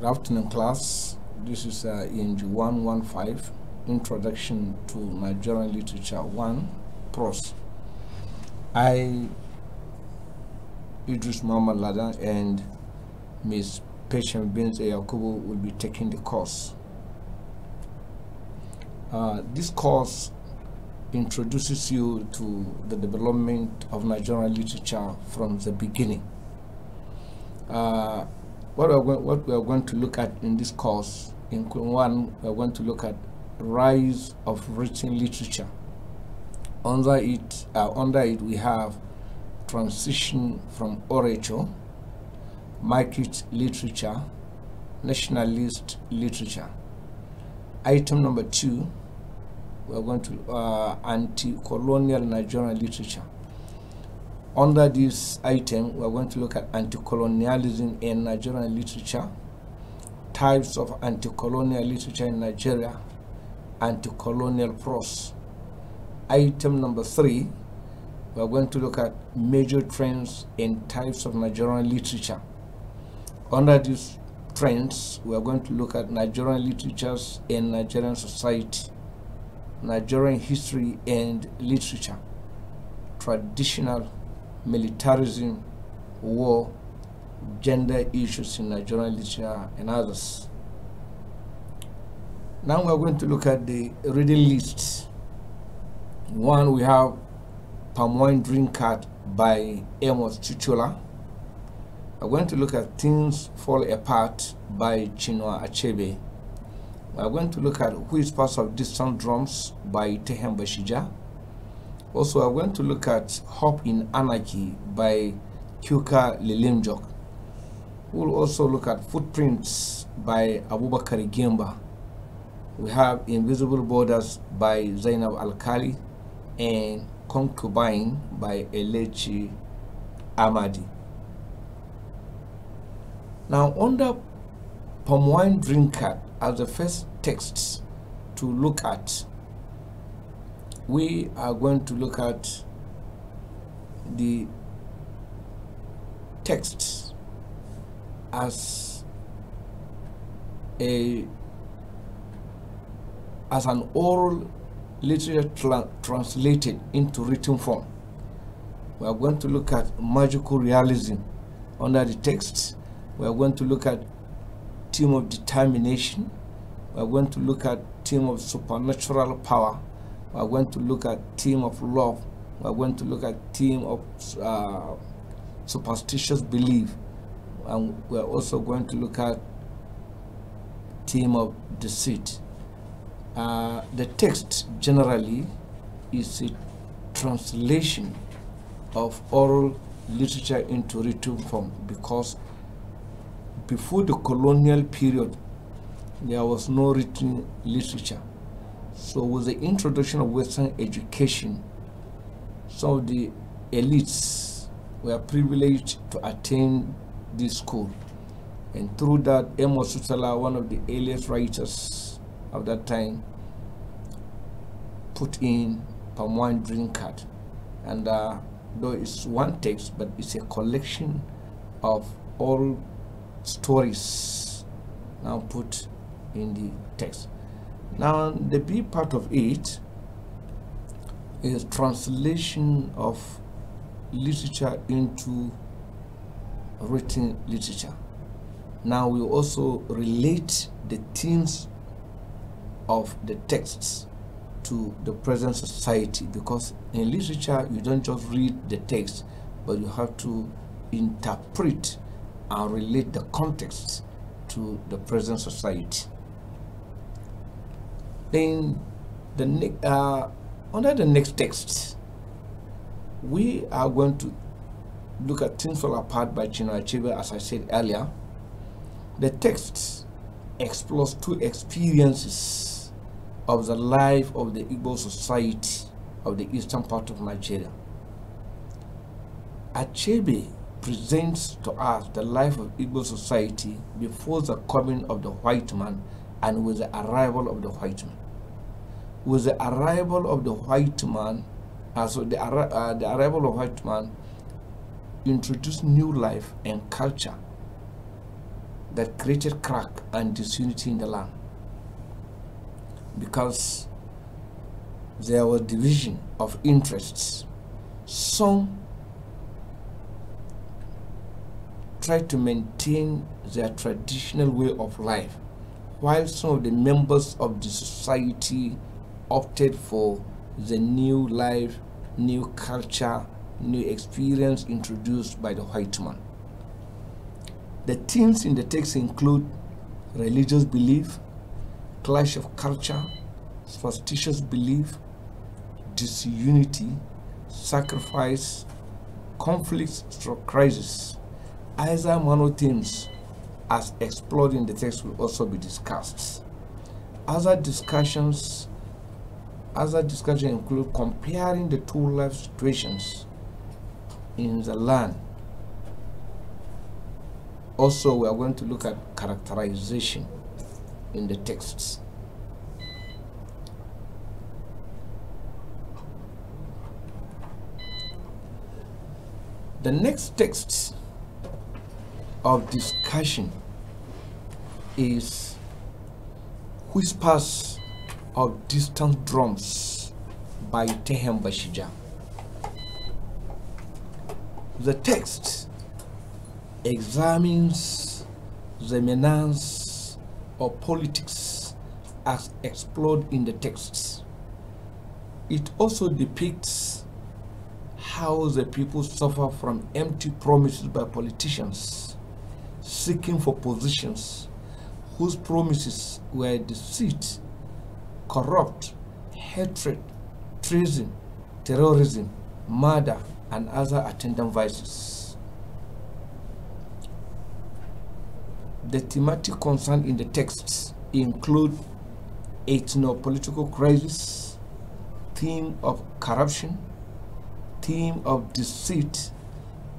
Good afternoon, class. This is uh, EMG 115, Introduction to Nigerian Literature 1, Prose. I, Idris Muhammad and Ms. Patient Benz Yakubu will be taking the course. Uh, this course introduces you to the development of Nigerian literature from the beginning. Uh, what we are going, what we are going to look at in this course, in one, we are going to look at rise of written literature. Under it, uh, under it, we have transition from orature, market literature, nationalist literature. Item number two, we are going to uh, anti-colonial Nigerian literature. Under this item, we're going to look at anti-colonialism in Nigerian literature, types of anti-colonial literature in Nigeria, anti-colonial prose. Item number three, we're going to look at major trends and types of Nigerian literature. Under these trends, we're going to look at Nigerian literatures and Nigerian society, Nigerian history and literature, traditional militarism, war, gender issues in Nigerian literature, and others. Now we're going to look at the reading list. One, we have Palm Wine Drink Card by Amos Chichola. We're going to look at Things Fall Apart by Chinua Achebe. We're going to look at Whispers of Distant Drums by Tehem Bashija. Also, I'm going to look at Hope in Anarchy by Kuka Lilimjok. We'll also look at Footprints by Abubakar Gemba. We have Invisible Borders by Zainab Al-Khali and Concubine by Elechi Amadi. Now under Palm Wine Drinker as the first texts to look at we are going to look at the text as a as an oral literature tra translated into written form we are going to look at magical realism under the text we are going to look at theme of determination we are going to look at theme of supernatural power we're going to look at theme of love. We're going to look at theme of uh, superstitious belief. And we're also going to look at theme of deceit. Uh, the text generally is a translation of oral literature into written form because before the colonial period there was no written literature so with the introduction of Western education, some of the elites were privileged to attend this school. And through that, Emo Sutala, one of the earliest writers of that time, put in palm wine drink card. And uh, though it's one text, but it's a collection of all stories now put in the text. Now the big part of it is translation of literature into written literature. Now we also relate the themes of the texts to the present society because in literature you don't just read the text but you have to interpret and relate the context to the present society. Then the next uh, under the next text, we are going to look at Things Fall Apart by Chinua Achebe, as I said earlier. The text explores two experiences of the life of the Igbo society of the eastern part of Nigeria. Achebe presents to us the life of Igbo society before the coming of the white man and with the arrival of the white man with the arrival of the white man, uh, so the, uh, the arrival of white man introduced new life and culture that created crack and disunity in the land because there was division of interests. Some tried to maintain their traditional way of life, while some of the members of the society opted for the new life, new culture, new experience introduced by the white man. The themes in the text include religious belief, clash of culture, superstitious belief, disunity, sacrifice, conflicts or crisis. Either themes as explored in the text will also be discussed. Other discussions other discussion include comparing the two life situations in the land. Also, we are going to look at characterization in the texts. The next text of discussion is whispers of Distant Drums by Tehem Bashija. The text examines the menace of politics as explored in the texts. It also depicts how the people suffer from empty promises by politicians seeking for positions whose promises were deceit corrupt, hatred, treason, terrorism, murder, and other attendant vices. The thematic concern in the texts include ethno-political crisis, theme of corruption, theme of deceit,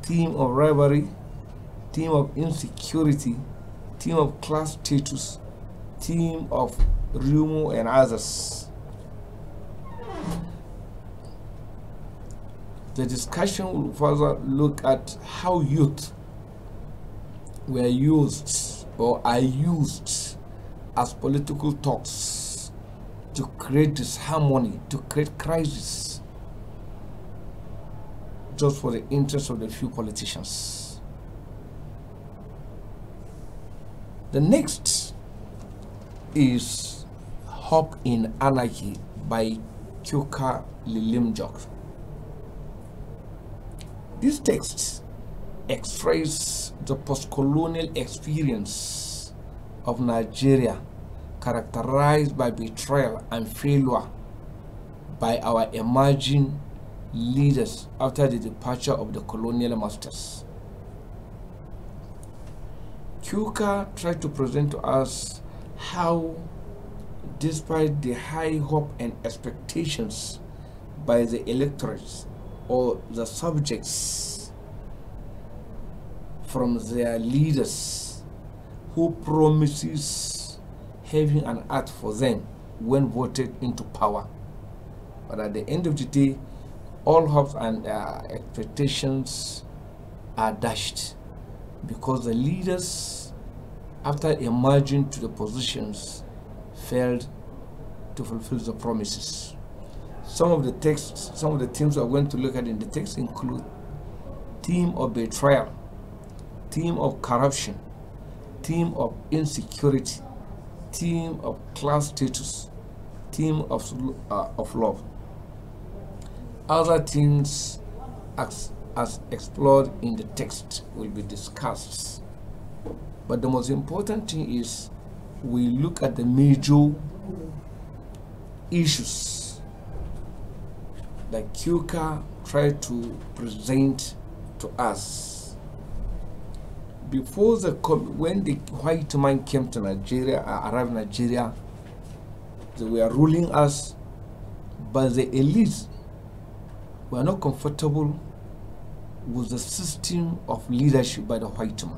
theme of rivalry, theme of insecurity, theme of class status, team of Ryumu and others. The discussion will further look at how youth were used or are used as political talks to create disharmony, to create crisis, just for the interest of the few politicians. The next is Hope in Anarchy by Kyuka Lilimjok. This text expresses the post-colonial experience of Nigeria characterized by betrayal and failure by our emerging leaders after the departure of the colonial masters. Kyuka tried to present to us how, despite the high hope and expectations by the electorates or the subjects from their leaders who promises heaven and earth for them when voted into power. But at the end of the day, all hopes and uh, expectations are dashed because the leaders after emerging to the positions, failed to fulfill the promises. Some of the texts, some of the themes we're going to look at in the text include theme of betrayal, theme of corruption, theme of insecurity, theme of class status, theme of, uh, of love. Other themes as, as explored in the text will be discussed but the most important thing is we look at the major issues that QCA tried to present to us. Before the when the white man came to Nigeria, uh, arrived in Nigeria, they were ruling us, but the elites were not comfortable with the system of leadership by the white man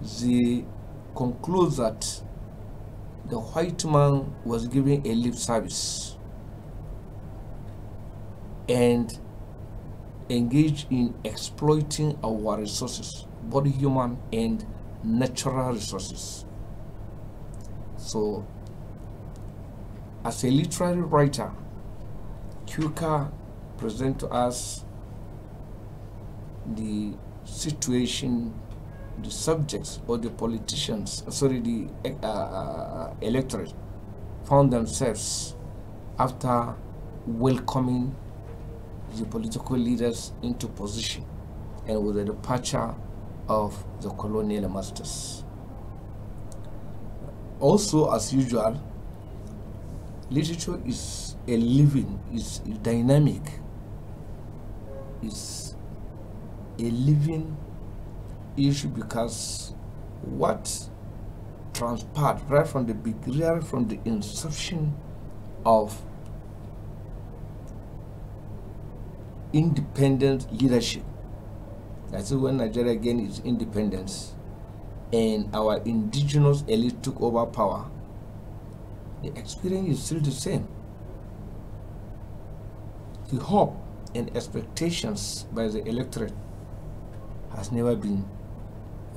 they conclude that the white man was giving a lip service and engaged in exploiting our resources both human and natural resources so as a literary writer Kuka presents to us the situation the subjects or the politicians, sorry, the eh, uh, uh, electorate found themselves after welcoming the political leaders into position and with the departure of the colonial masters. Also, as usual, literature is a living, is dynamic, is a living issue because what transpired right from the beginning, from the inception of independent leadership. That's when Nigeria gained its independence and our indigenous elite took over power. The experience is still the same. The hope and expectations by the electorate has never been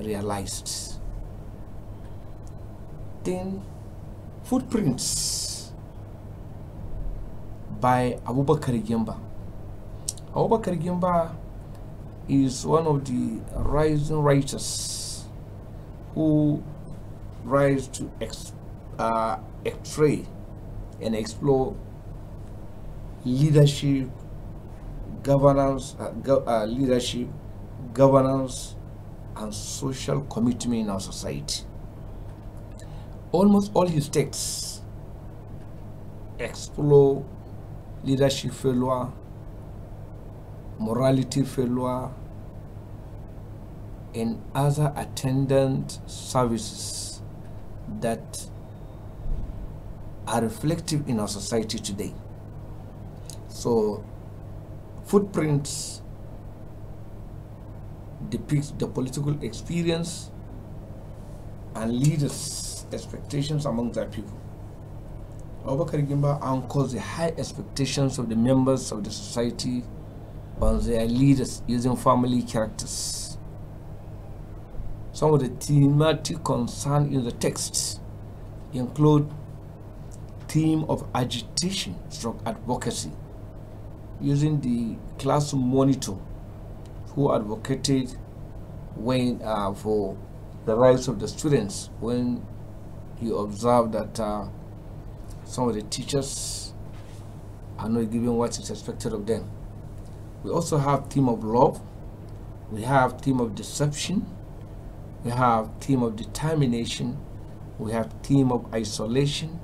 realized. Then, Footprints by Abubakar Gemba. Abubakar Gemba is one of the rising writers who rise to ex, uh, x and explore leadership governance uh, go, uh, leadership governance and social commitment in our society. Almost all his texts explore leadership failure, morality failure, and other attendant services that are reflective in our society today. So, footprints depicts the political experience and leaders' expectations among their people. Abubakar Gimba anchors the high expectations of the members of the society on their leaders using family characters. Some of the thematic concern in the text include theme of agitation stroke advocacy using the class monitor who advocated when uh, for the rights of the students when you observe that uh, some of the teachers are not giving what is expected of them we also have theme of love we have theme of deception we have theme of determination we have theme of isolation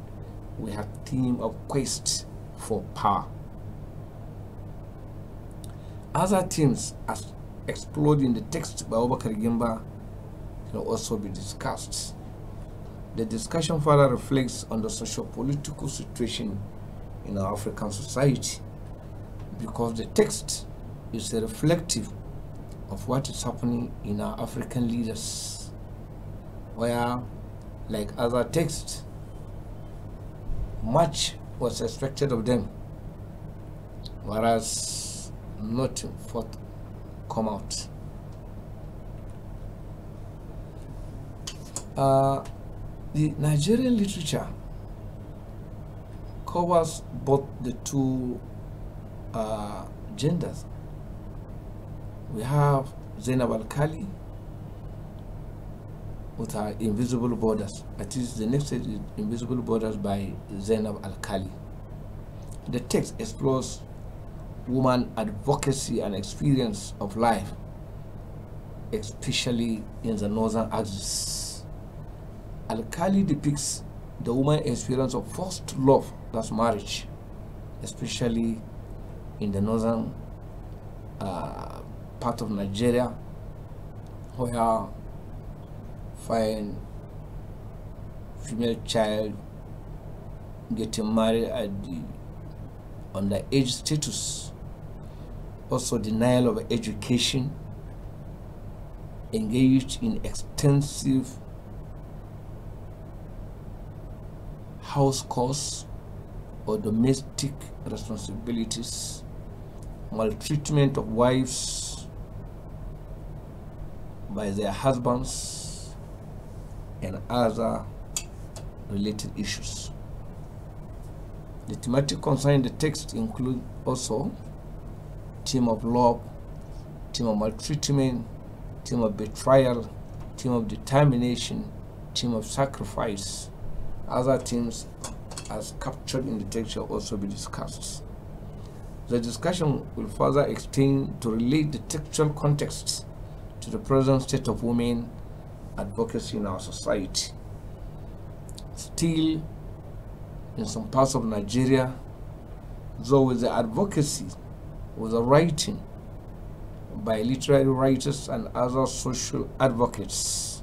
we have theme of quest for power other teams as exploding the text by Obakar Gimba can also be discussed. The discussion further reflects on the socio-political situation in our African society because the text is reflective of what is happening in our African leaders where like other texts much was expected of them whereas not for come out uh, the Nigerian literature covers both the two uh, genders we have Zainab al-Kali with her Invisible Borders. That is the next is Invisible Borders by Zainab al-Kali. The text explores woman advocacy and experience of life, especially in the northern axis. al depicts the woman experience of first love, that's marriage, especially in the northern uh, part of Nigeria, where fine female child getting married at the underage status also denial of education, engaged in extensive house calls or domestic responsibilities, maltreatment of wives by their husbands, and other related issues. The thematic concerning the text include also team of love, team of maltreatment, team of betrayal, team of determination, team of sacrifice. Other teams as captured in the text shall also be discussed. The discussion will further extend to relate the textual context to the present state of women advocacy in our society. Still, in some parts of Nigeria, though with the advocacy with writing by literary writers and other social advocates,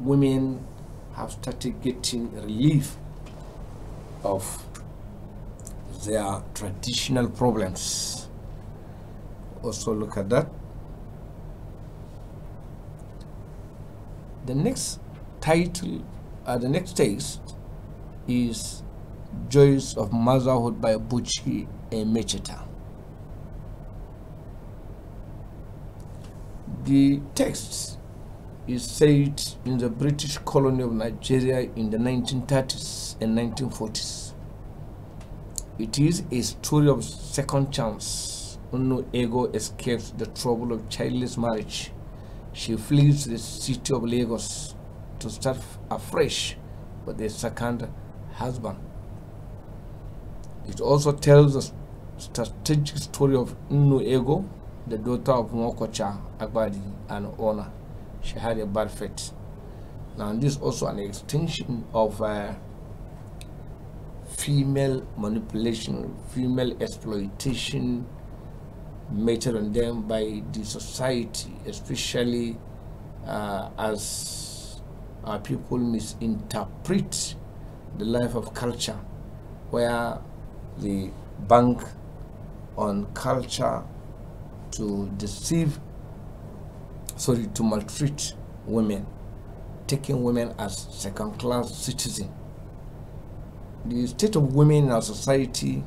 women have started getting relief of their traditional problems. Also look at that. The next title, uh, the next text is Joys of Motherhood by Buchi Emecheta. The text is said in the British colony of Nigeria in the 1930s and 1940s. It is a story of second chance. Unu Ego escapes the trouble of childless marriage. She flees the city of Lagos to start afresh with a second husband. It also tells the strategic story of Unu Ego the daughter of Mokocha Agbadi and owner she had a bad fate now this is also an extension of uh, female manipulation female exploitation made on them by the society especially uh, as our people misinterpret the life of culture where the bank on culture to deceive, sorry, to maltreat women, taking women as second-class citizen. The state of women in our society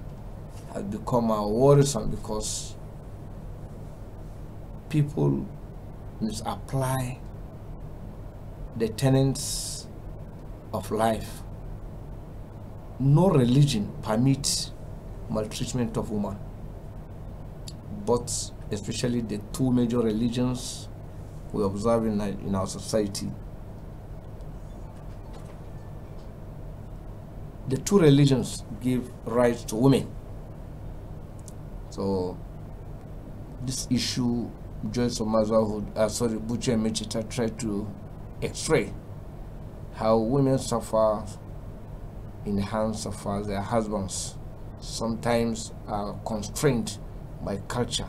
has become worrisome because people misapply the tenets of life. No religion permits maltreatment of woman both, especially the two major religions we observe in our, in our society. The two religions give rights to women. So this issue Joyce motherhood. uh, sorry, and Mechita tried to x-ray how women suffer in the hands of uh, their husbands. Sometimes are constrained by culture,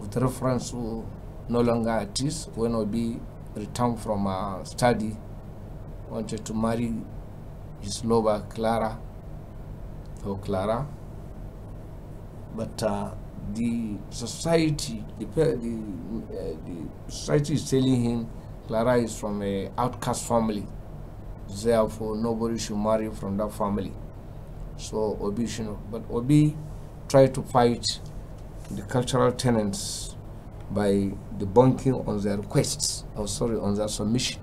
with reference to no longer artists when Obi returned from a study, wanted to marry his lover Clara or Clara, but uh, the society, the, the, uh, the society is telling him Clara is from a outcast family, therefore nobody should marry from that family. So Obi should know. But Obi tried to fight the cultural tenants by debunking on their requests, or oh, sorry, on their submission.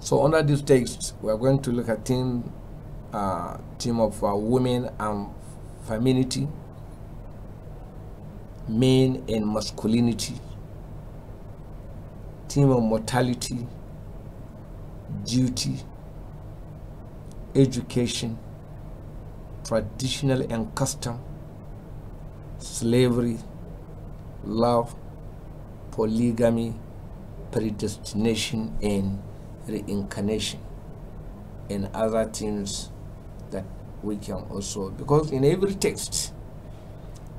So under this text, we are going to look at team, uh, team of uh, women and femininity, men and masculinity, team of mortality, duty, education, traditional and custom, slavery, love, polygamy, predestination, and reincarnation, and other things that we can also, because in every text,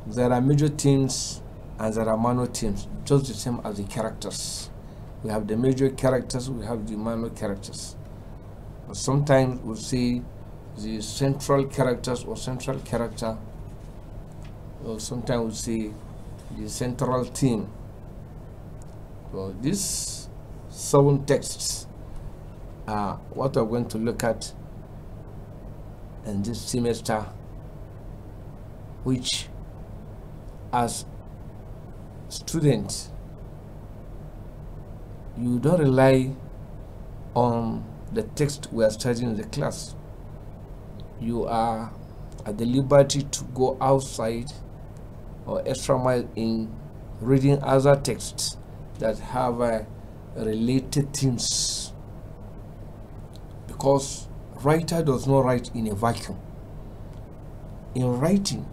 there are major themes and there are minor themes, just the same as the characters. We have the major characters, we have the minor characters. But sometimes we see the central characters or central character or sometimes we say the central theme. So these seven texts are what we're going to look at in this semester, which as students, you don't rely on the text we are studying in the class. You are at the liberty to go outside or extra mile in reading other texts that have uh, related themes because writer does not write in a vacuum in writing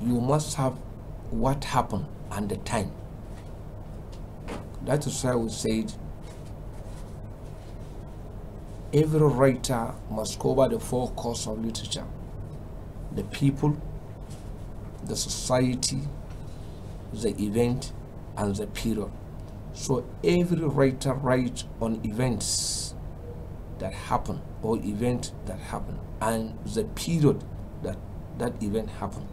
you must have what happened and the time that is why we said every writer must cover the four cores of literature the people the society, the event, and the period. So every writer writes on events that happen or event that happen and the period that that event happened.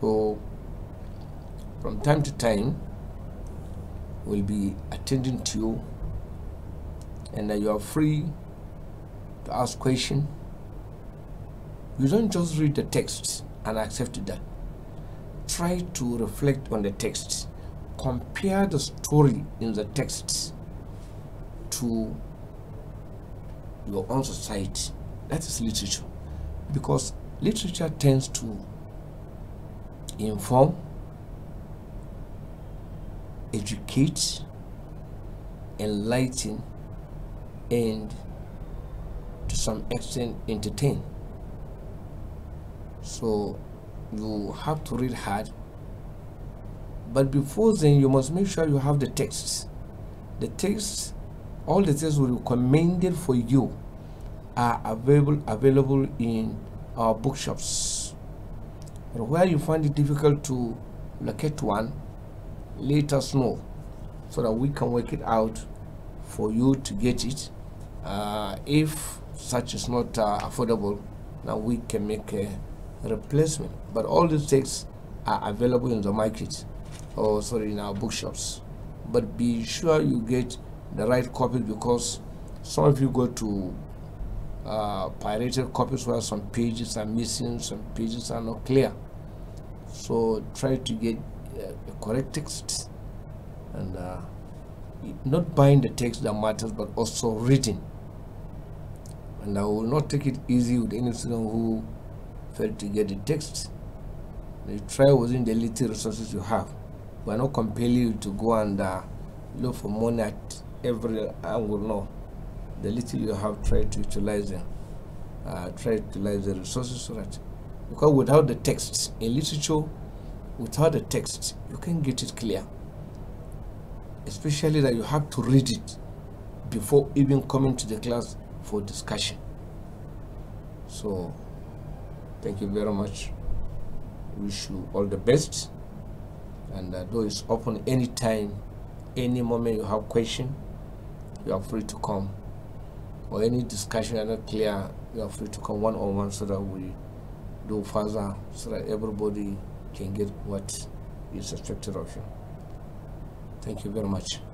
So from time to time we'll be attending to you and you are free to ask questions. You don't just read the texts and accepted that. Try to reflect on the text. Compare the story in the text to your own society. That is literature. Because literature tends to inform, educate, enlighten, and to some extent entertain so you have to read hard but before then you must make sure you have the texts the texts all the texts recommended for you are available available in our bookshops and where you find it difficult to locate one let us know so that we can work it out for you to get it uh, if such is not uh, affordable now we can make a replacement but all these texts are available in the market or sorry in our bookshops but be sure you get the right copies because some of you go to uh, pirated copies where some pages are missing some pages are not clear so try to get uh, the correct text and uh, not buying the text that matters but also reading and I will not take it easy with any student who failed to get the text, you try within the little resources you have. We are not compelling you to go and uh, look for money at every angle, no. The little you have, try to utilize them. Uh, try to utilize the resources so that, because without the texts in literature, without the texts you can get it clear. Especially that you have to read it before even coming to the class for discussion. So Thank you very much. Wish you all the best. And the uh, door is open anytime, any moment you have question, you are free to come. Or any discussion are not clear, you are free to come one on one so that we do further, so that everybody can get what is expected of you. Thank you very much.